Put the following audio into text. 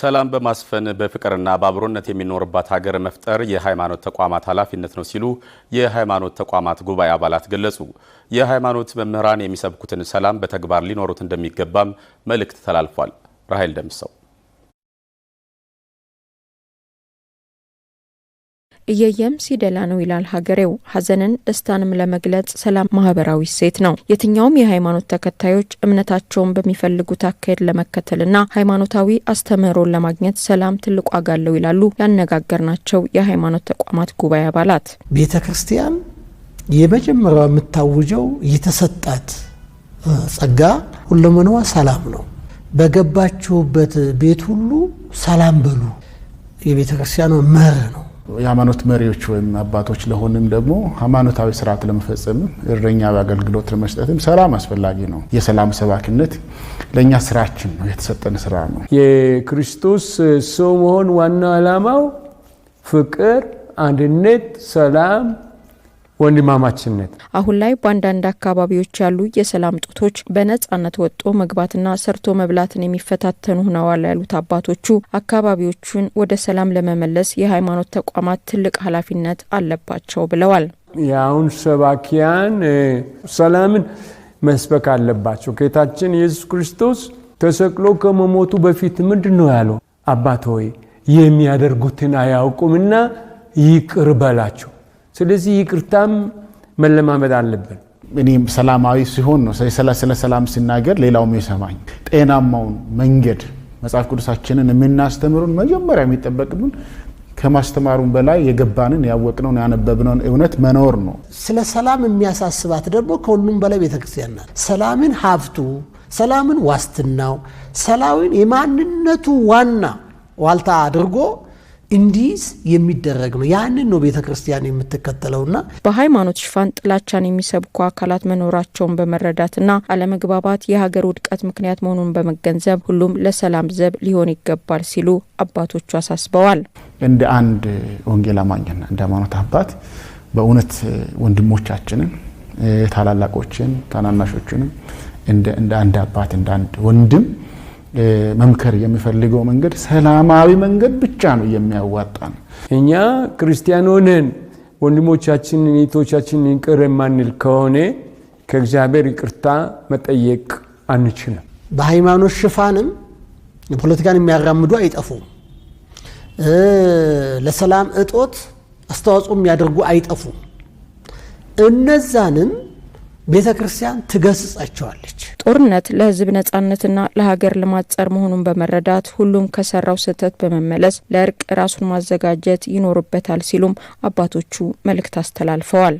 ሰላም በማስፈን በፍቅርና በአብሮነት የሚኖርባት ሀገር መፍጠር የሃይማኖት ተቋማት ኃላፊነት ነው ሲሉ የሃይማኖት ተቋማት ጉባኤ አባላት ገለጹ። የሃይማኖት መምህራን የሚሰብኩትን ሰላም በተግባር ሊኖሩት እንደሚገባም መልእክት ተላልፏል። ራሄል ደምሰው እየየም ሲደላ ነው ይላል ሀገሬው። ሀዘንን ደስታንም ለመግለጽ ሰላም ማህበራዊ እሴት ነው። የትኛውም የሃይማኖት ተከታዮች እምነታቸውን በሚፈልጉት አካሄድ ለመከተልና ሃይማኖታዊ አስተምህሮን ለማግኘት ሰላም ትልቅ ዋጋ አለው ይላሉ ያነጋገርናቸው የሃይማኖት ተቋማት ጉባኤ አባላት። ቤተ ክርስቲያን የመጀመሪያው የምታውጀው የተሰጣት ጸጋ ሁለመናዋ ሰላም ነው። በገባችሁበት ቤት ሁሉ ሰላም በሉ የቤተ ክርስቲያኗ መርህ ነው። የሃይማኖት መሪዎች ወይም አባቶች ለሆንም ደግሞ ሃይማኖታዊ ስርዓት ለመፈጸምም እረኛ አገልግሎት ለመስጠትም ሰላም አስፈላጊ ነው። የሰላም ሰባኪነት ለእኛ ስራችን ነው፣ የተሰጠን ስራ ነው። የክርስቶስ ሰው መሆን ዋና ዓላማው ፍቅር፣ አንድነት፣ ሰላም ወንድማማችነት አሁን ላይ በአንዳንድ አካባቢዎች ያሉ የሰላም ጦቶች በነጻነት ወጦ መግባትና ሰርቶ መብላትን የሚፈታተኑ ሆነዋል ያሉት አባቶቹ አካባቢዎቹን ወደ ሰላም ለመመለስ የሃይማኖት ተቋማት ትልቅ ኃላፊነት አለባቸው ብለዋል። የአሁን ሰባኪያን ሰላምን መስበክ አለባቸው። ጌታችን ኢየሱስ ክርስቶስ ተሰቅሎ ከመሞቱ በፊት ምንድን ነው ያለው? አባት ሆይ የሚያደርጉትን አያውቁምና ይቅር በላቸው ስለዚህ ይቅርታም መለማመድ አለብን። እኔም ሰላማዊ ሲሆን ነው ስለ ሰላም ሲናገር ሌላውም የሰማኝ ጤናማውን መንገድ መጽሐፍ ቅዱሳችንን የምናስተምሩን መጀመሪያ የሚጠበቅብን ከማስተማሩን በላይ የገባንን ያወቅነውን ያነበብነውን እውነት መኖር ነው። ስለ ሰላም የሚያሳስባት ደግሞ ከሁሉም በላይ ቤተክርስቲያን ናት። ሰላምን ሀብቱ፣ ሰላምን ዋስትናው፣ ሰላምን የማንነቱ ዋና ዋልታ አድርጎ እንዲይዝ የሚደረግ ነው። ያንን ነው ቤተ ክርስቲያን የምትከተለውና በሃይማኖት ሽፋን ጥላቻን የሚሰብኩ አካላት መኖራቸውን በመረዳትና አለመግባባት የሀገር ውድቀት ምክንያት መሆኑን በመገንዘብ ሁሉም ለሰላም ዘብ ሊሆን ይገባል ሲሉ አባቶቹ አሳስበዋል። እንደ አንድ ወንጌል አማኝና እንደ ሃይማኖት አባት በእውነት ወንድሞቻችንን፣ ታላላቆችን፣ ታናናሾችንም እንደ አንድ አባት እንደ አንድ ወንድም መምከር የሚፈልገው መንገድ ሰላማዊ መንገድ ብቻ ነው የሚያዋጣን። እኛ ክርስቲያን ሆነን ወንድሞቻችንን እህቶቻችንን ይቅር የማንል ከሆነ ከእግዚአብሔር ይቅርታ መጠየቅ አንችልም። በሃይማኖት ሽፋንም የፖለቲካን የሚያራምዱ አይጠፉም። ለሰላም እጦት አስተዋጽኦ የሚያደርጉ አይጠፉም። እነዛንም ቤተ ክርስቲያን ትገስጻቸዋለች። ጦርነት ለህዝብ ነጻነትና ለሀገር ልማት ጸር መሆኑን በመረዳት ሁሉም ከሰራው ስህተት በመመለስ ለእርቅ ራሱን ማዘጋጀት ይኖርበታል ሲሉም አባቶቹ መልእክት አስተላልፈዋል።